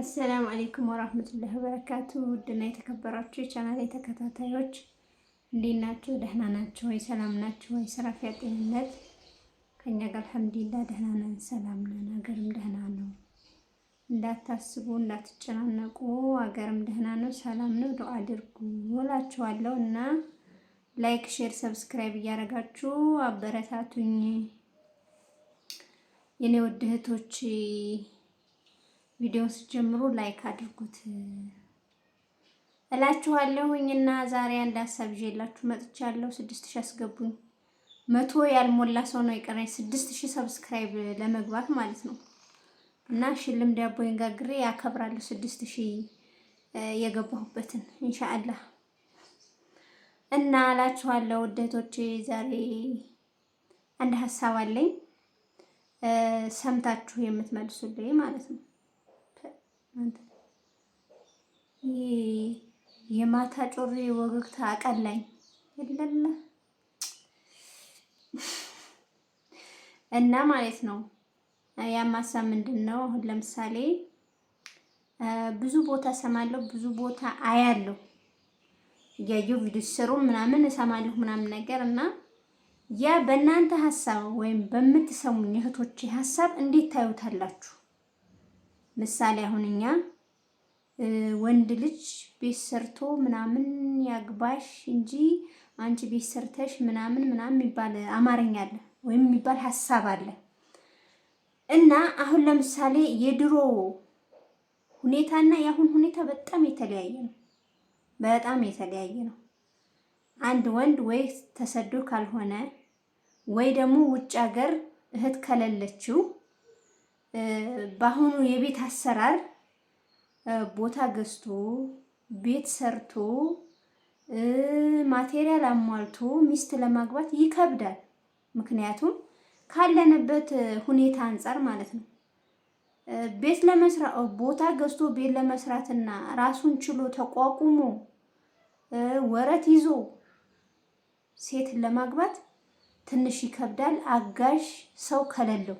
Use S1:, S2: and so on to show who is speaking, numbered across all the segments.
S1: አሰላሙ አሌይኩም ወራህመቱላሂ ወበረካቱ ውድና የተከበራችሁ የቻናሌ ተከታታዮች እንዴት ናችሁ? ደህና ናችሁ ወይ? ሰላም ናችሁ ወይ? ስራ ፊያ፣ ጤንነት ከእኛ ጋር አልሐምዱሊላህ ደህና ነን፣ ሰላም ነን። ሀገርም ደህና ነው፣ እንዳታስቡ፣ እንዳትጨናነቁ። ሀገርም ደህና ነው፣ ሰላም ነው። ዱአ አድርጉ እላችኋለሁ እና ላይክ፣ ሼር፣ ሰብስክራይብ እያደረጋችሁ አበረታቱኝ የኔ ውድ እህቶች ቪዲዮውን ስትጀምሩ ላይክ አድርጉት እላችኋለሁኝ። እና ዛሬ አንድ ሀሳብ ይዤላችሁ መጥቻለሁ። ስድስት ሺህ አስገቡኝ። መቶ ያልሞላ ሰው ነው የቀረኝ ስድስት ሺህ ሰብስክራይብ ለመግባት ማለት ነው። እና ሽልም ዳቦዬን ጋግሬ ያከብራለሁ ስድስት ሺህ የገባሁበትን ኢንሻአላህ እና እላችኋለሁ ውደቶቼ ዛሬ አንድ ሀሳብ አለኝ ሰምታችሁ የምትመልሱልኝ ማለት ነው። የማታ ጮሬ ወግግታ አቀላኝ የለም እና ማለት ነው። ያም ሀሳብ ምንድን ነው? አሁን ለምሳሌ ብዙ ቦታ እሰማለሁ፣ ብዙ ቦታ አያለሁ፣ እያየሁ ቪዲዮ ሲሰሩ ምናምን እሰማለሁ ምናምን ነገር እና ያ በእናንተ ሀሳብ ወይም በምትሰሙኝ እህቶች ሀሳብ እንዴት ታዩታላችሁ? ምሳሌ አሁን እኛ ወንድ ልጅ ቤት ሰርቶ ምናምን ያግባሽ እንጂ አንቺ ቤት ሰርተሽ ምናምን ምናምን የሚባል አማርኛ አለ ወይም የሚባል ሀሳብ አለ እና አሁን ለምሳሌ የድሮ ሁኔታና የአሁን ሁኔታ በጣም የተለያየ ነው። በጣም የተለያየ ነው። አንድ ወንድ ወይ ተሰዶ ካልሆነ ወይ ደግሞ ውጭ ሀገር እህት ከሌለችው በአሁኑ የቤት አሰራር ቦታ ገዝቶ ቤት ሰርቶ ማቴሪያል አሟልቶ ሚስት ለማግባት ይከብዳል። ምክንያቱም ካለንበት ሁኔታ አንጻር ማለት ነው። ቤት ለመስራት ቦታ ገዝቶ ቤት ለመስራትና ራሱን ችሎ ተቋቁሞ ወረት ይዞ ሴትን ለማግባት ትንሽ ይከብዳል፣ አጋዥ ሰው ከሌለው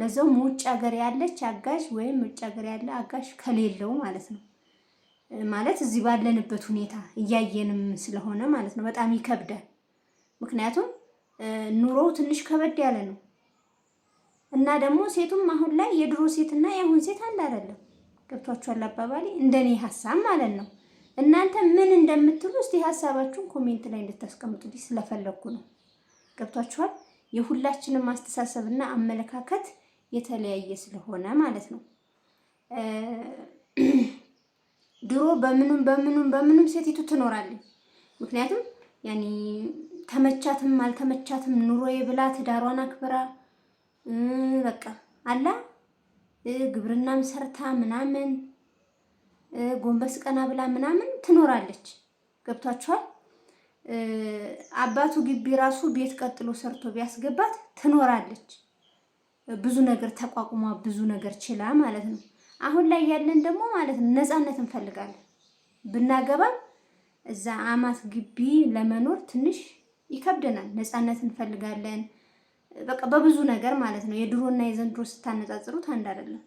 S1: ለዛውም ውጭ ሀገር ያለች አጋዥ ወይም ውጭ ሀገር ያለ አጋዥ ከሌለው ማለት ነው። ማለት እዚህ ባለንበት ሁኔታ እያየንም ስለሆነ ማለት ነው በጣም ይከብዳል። ምክንያቱም ኑሮው ትንሽ ከበድ ያለ ነው እና ደግሞ ሴቱም አሁን ላይ የድሮ ሴትና የአሁን ሴት አንድ አይደለም። ገብቷችኋል አባባሌ? እንደኔ ሀሳብ ማለት ነው። እናንተ ምን እንደምትሉ እስቲ ሀሳባችሁን ኮሜንት ላይ እንድታስቀምጡልኝ ስለፈለግኩ ነው። ገብቷችኋል? የሁላችንም አስተሳሰብና አመለካከት የተለያየ ስለሆነ ማለት ነው። ድሮ በምኑም በምኑም በምኑም ሴቲቱ ትኖራለች። ምክንያቱም ያኔ ተመቻትም አልተመቻትም ኑሮ የብላ ትዳሯን አክብራ በቃ አላ ግብርናም ሰርታ ምናምን ጎንበስ ቀና ብላ ምናምን ትኖራለች። ገብቷችኋል? አባቱ ግቢ ራሱ ቤት ቀጥሎ ሰርቶ ቢያስገባት ትኖራለች። ብዙ ነገር ተቋቁማ ብዙ ነገር ችላ ማለት ነው። አሁን ላይ ያለን ደግሞ ማለት ነው ነፃነት እንፈልጋለን። ብናገባም እዛ አማት ግቢ ለመኖር ትንሽ ይከብደናል። ነፃነት እንፈልጋለን። በቃ በብዙ ነገር ማለት ነው። የድሮና የዘንድሮ ስታነጻጽሩት አንድ አይደለም።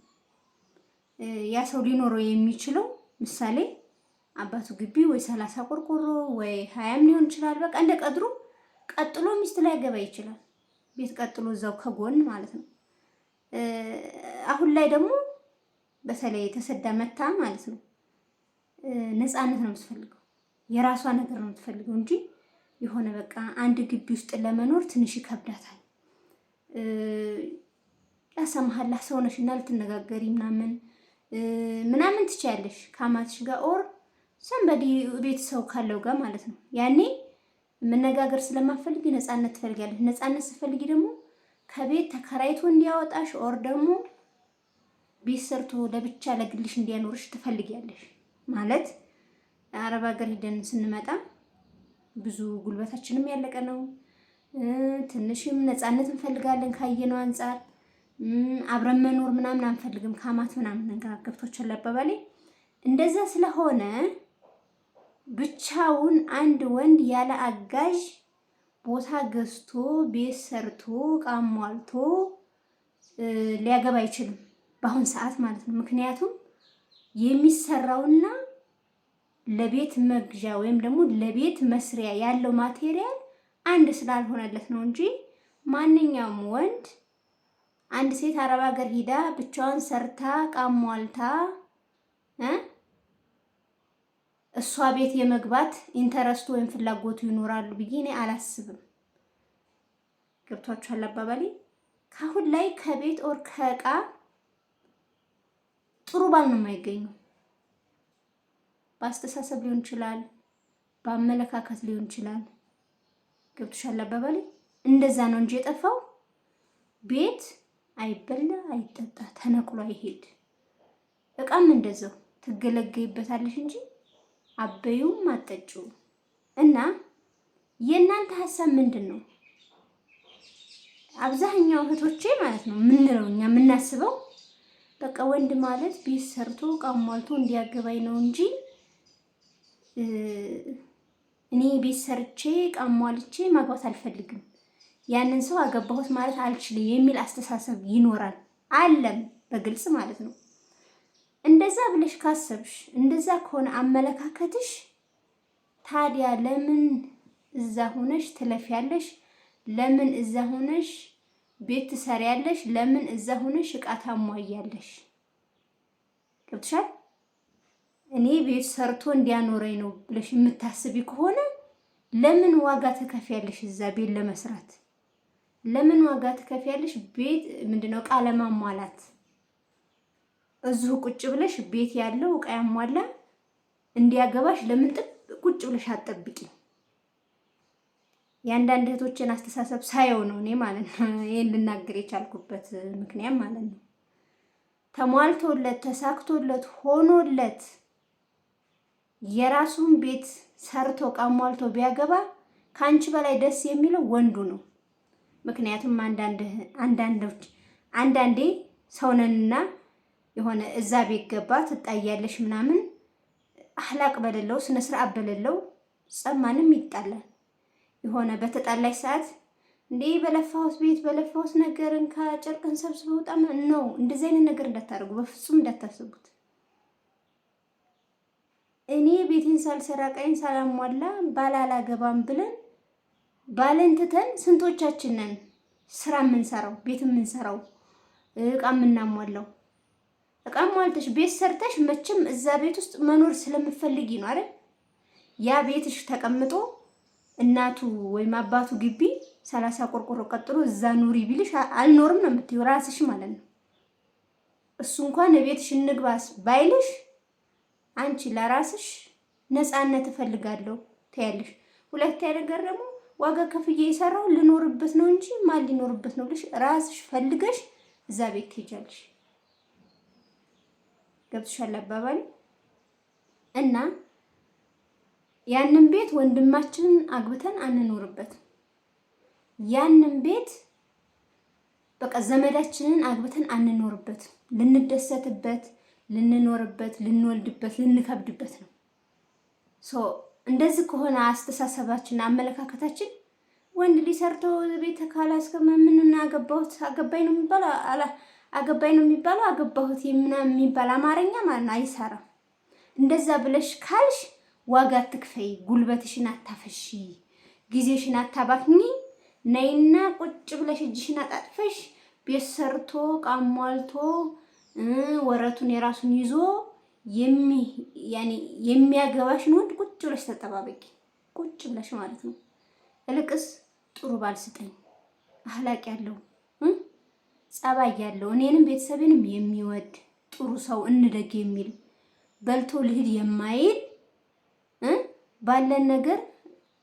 S1: ያ ሰው ሊኖረው የሚችለው ምሳሌ አባቱ ግቢ ወይ ሰላሳ ቆርቆሮ ወይ ሀያም ሊሆን ይችላል። በቃ እንደ ቀድሩ ቀጥሎ ሚስት ላይ ገባ ይችላል። ቤት ቀጥሎ እዛው ከጎን ማለት ነው። አሁን ላይ ደግሞ በተለይ የተሰዳ መታ ማለት ነው ነፃነት ነው የምትፈልገው፣ የራሷ ነገር ነው የምትፈልገው እንጂ የሆነ በቃ አንድ ግቢ ውስጥ ለመኖር ትንሽ ይከብዳታል። ያሰማሃላ ሰውነሽ እና ልትነጋገሪ ምናምን ምናምን ትችያለሽ ከአማትሽ ጋር ኦር ሰንበዲ ቤተሰው ካለው ጋር ማለት ነው። ያኔ መነጋገር ስለማፈልግ ነፃነት ትፈልጊያለሽ። ነፃነት ስትፈልጊ ደግሞ ከቤት ተከራይቶ እንዲያወጣሽ ኦር ደግሞ ቤት ሰርቶ ለብቻ ለግልሽ እንዲያኖርሽ ትፈልጊያለሽ ማለት አረብ ሀገር ሂደን ስንመጣ ብዙ ጉልበታችንም ያለቀ ነው። ትንሽም ነፃነት እንፈልጋለን። ካየነው አንጻር አብረን መኖር ምናምን አንፈልግም። ከአማት ምናምን ነገር ገብቶችን ለአባባሌ እንደዛ ስለሆነ ብቻውን አንድ ወንድ ያለ አጋዥ ቦታ ገዝቶ ቤት ሰርቶ ዕቃ ሟልቶ ሊያገባ አይችልም፣ በአሁን ሰዓት ማለት ነው። ምክንያቱም የሚሰራውና ለቤት መግዣ ወይም ደግሞ ለቤት መስሪያ ያለው ማቴሪያል አንድ ስላልሆነለት ነው እንጂ ማንኛውም ወንድ አንድ ሴት አረብ ሀገር ሂዳ ብቻዋን ሰርታ ዕቃ ሟልታ እሷ ቤት የመግባት ኢንተረስቱ ወይም ፍላጎቱ ይኖራሉ ብዬ እኔ አላስብም። ገብቷችኋል አባባሌ? ካሁን ላይ ከቤት ኦር ከእቃ ጥሩ ባል ነው የማይገኘው። በአስተሳሰብ ሊሆን ይችላል፣ በአመለካከት ሊሆን ይችላል። ገብቶሻል አባባሌ? እንደዛ ነው እንጂ የጠፋው ቤት አይበላ አይጠጣ ተነቅሎ አይሄድ። እቃም እንደዛው ትገለገይበታለሽ እንጂ አበዩም አጠጩ እና የእናንተ ሀሳብ ምንድን ነው? አብዛኛው እህቶቼ ማለት ነው የምንለው እኛ የምናስበው በቃ ወንድ ማለት ቤት ሰርቶ ቃሟልቶ እንዲያገባኝ ነው እንጂ እኔ ቤት ሰርቼ ቃሟልቼ ማግባት አልፈልግም፣ ያንን ሰው አገባሁት ማለት አልችልም የሚል አስተሳሰብ ይኖራል። አለም በግልጽ ማለት ነው። እንደዛ ብለሽ ካሰብሽ እንደዛ ከሆነ አመለካከትሽ፣ ታዲያ ለምን እዛ ሆነሽ ትለፊያለሽ? ለምን እዛ ሆነሽ ቤት ትሰሪያለሽ? ለምን እዛ ሆነሽ እቃ ታሟያለሽ? ገብትሻል? እኔ ቤት ሰርቶ እንዲያኖረኝ ነው ብለሽ የምታስቢ ከሆነ ለምን ዋጋ ትከፍያለሽ? እዛ ቤት ለመስራት ለምን ዋጋ ትከፍያለሽ? ቤት ምንድነው እቃ ለማሟላት እዚሁ ቁጭ ብለሽ ቤት ያለው እቃ ያሟላ እንዲያገባሽ ለምን ቁጭ ብለሽ አጠብቂ? የአንዳንድ እህቶችን አስተሳሰብ ሳየው ነው እኔ ማለት ነው ይህን ልናገር የቻልኩበት ምክንያት ማለት ነው። ተሟልቶለት ተሳክቶለት ሆኖለት የራሱን ቤት ሰርቶ ሟልቶ ቢያገባ ከአንቺ በላይ ደስ የሚለው ወንዱ ነው። ምክንያቱም አንዳንድ አንዳንዶች አንዳንዴ ሰውነንና የሆነ እዛ ቤት ገባ ትጣያለሽ ምናምን አህላቅ በሌለው ስነ ስርዓት በሌለው ጸማንም ይጣላል። የሆነ በተጣላሽ ሰዓት እንዴ በለፋውስ ቤት በለፋውስ ነገርን ከጨርቅን ሰብስበው ጣም ነው። እንደዚህ አይነት ነገር እንዳታደርጉ በፍጹም እንዳታስቡት። እኔ ቤቴን ሳልሰራ ቀይን ሳላሟላ ባላላገባም ብለን ባለንትተን ትተን ስራ የምንሰራው ቤት የምንሰራው እቃ የምናሟላው? እቃ ሟልተሽ ቤት ሰርተሽ መቼም እዛ ቤት ውስጥ መኖር ስለምፈልጊ ነው አይደል? ያ ቤትሽ ተቀምጦ እናቱ ወይም አባቱ ግቢ ሰላሳ ቆርቆሮ ቀጥሎ እዛ ኑሪ ቢልሽ አልኖርም ነው የምትይው ራስሽ ማለት ነው። እሱ እንኳን ቤትሽ እንግባስ ባይልሽ አንቺ ለራስሽ ነፃነት እፈልጋለሁ ትያለሽ። ሁለተኛ ነገር ደግሞ ዋጋ ከፍዬ የሰራው ልኖርበት ነው እንጂ ማን ሊኖርበት ነው ብለሽ ራስሽ ፈልገሽ እዛ ቤት ትሄጃለሽ። ገብቶሻል አባባል እና ያንን ቤት ወንድማችንን አግብተን አንኖርበት። ያንን ቤት በቃ ዘመዳችንን አግብተን አንኖርበት። ልንደሰትበት፣ ልንኖርበት፣ ልንወልድበት፣ ልንከብድበት ነው። እንደዚህ ከሆነ አስተሳሰባችንና አመለካከታችን ወንድ ሊሰርተው ቤት ካላስከመ ምን አገባሁት አገባኝ ነው የሚባል አገባኝ ነው የሚባለው አገባሁት ምናምን የሚባል አማርኛ ማለት ነው አይሰራም። እንደዛ ብለሽ ካልሽ ዋጋ ትክፈይ ጉልበትሽን አታፈሺ፣ ጊዜሽን አታባክኚ። ነይና ቁጭ ብለሽ እጅሽን አጣጥፈሽ ቤት ሰርቶ ቃሟልቶ ወረቱን የራሱን ይዞ የሚያገባሽን ወንድ ቁጭ ብለሽ ተጠባበቂ። ቁጭ ብለሽ ማለት ነው። እልቅስ ጥሩ ባል ስጠኝ፣ አህላቅ ያለው ጸባይ ያለው እኔንም ቤተሰቤንም የሚወድ ጥሩ ሰው እንደግ የሚል በልቶ ልሂድ የማይል ባለን ነገር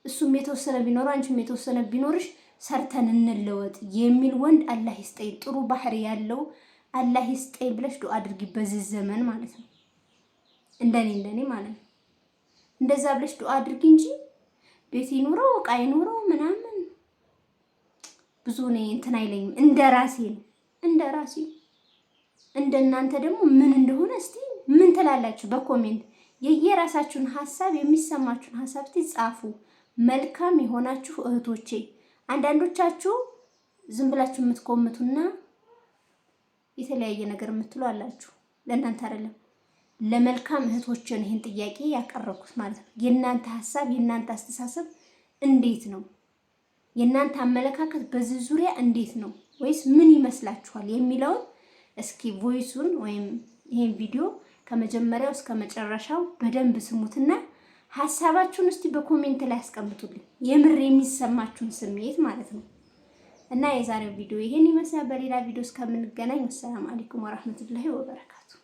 S1: እሱም የተወሰነ ቢኖር አንቺም የተወሰነ ቢኖርሽ ሰርተን እንለወጥ የሚል ወንድ አላህ ይስጠኝ፣ ጥሩ ባህሪ ያለው አላህ ይስጠኝ ብለሽ ዱአ አድርጊ። በዚህ ዘመን ማለት ነው፣ እንደኔ እንደኔ ማለት ነው። እንደዛ ብለሽ ዱአ አድርጊ እንጂ ቤት ይኑረው እቃ ይኑረው ምናምን ብዙ እኔ እንትን አይለኝም፣ እንደ ራሴ ነው። እንደ ራሴ እንደ እናንተ ደግሞ ምን እንደሆነ እስቲ ምን ትላላችሁ? በኮሜንት የየራሳችሁን ሀሳብ የሚሰማችሁን ሀሳብ እስቲ ጻፉ። መልካም የሆናችሁ እህቶቼ፣ አንዳንዶቻችሁ ዝም ብላችሁ የምትቆምቱና የተለያየ ነገር የምትሉ አላችሁ። ለእናንተ አይደለም ለመልካም እህቶችን ይህን ጥያቄ ያቀረብኩት ማለት ነው። የእናንተ ሀሳብ የእናንተ አስተሳሰብ እንዴት ነው? የእናንተ አመለካከት በዚህ ዙሪያ እንዴት ነው? ወይስ ምን ይመስላችኋል የሚለውን እስኪ ቮይሱን ወይም ይሄን ቪዲዮ ከመጀመሪያው እስከ መጨረሻው በደንብ ስሙትና ሀሳባችሁን እስቲ በኮሜንት ላይ አስቀምጡልኝ። የምር የሚሰማችሁን ስሜት ማለት ነው። እና የዛሬው ቪዲዮ ይሄን ይመስላል። በሌላ ቪዲዮ እስከምንገናኝ ወሰላም አለይኩም ወራህመቱላሂ ወበረካቱ።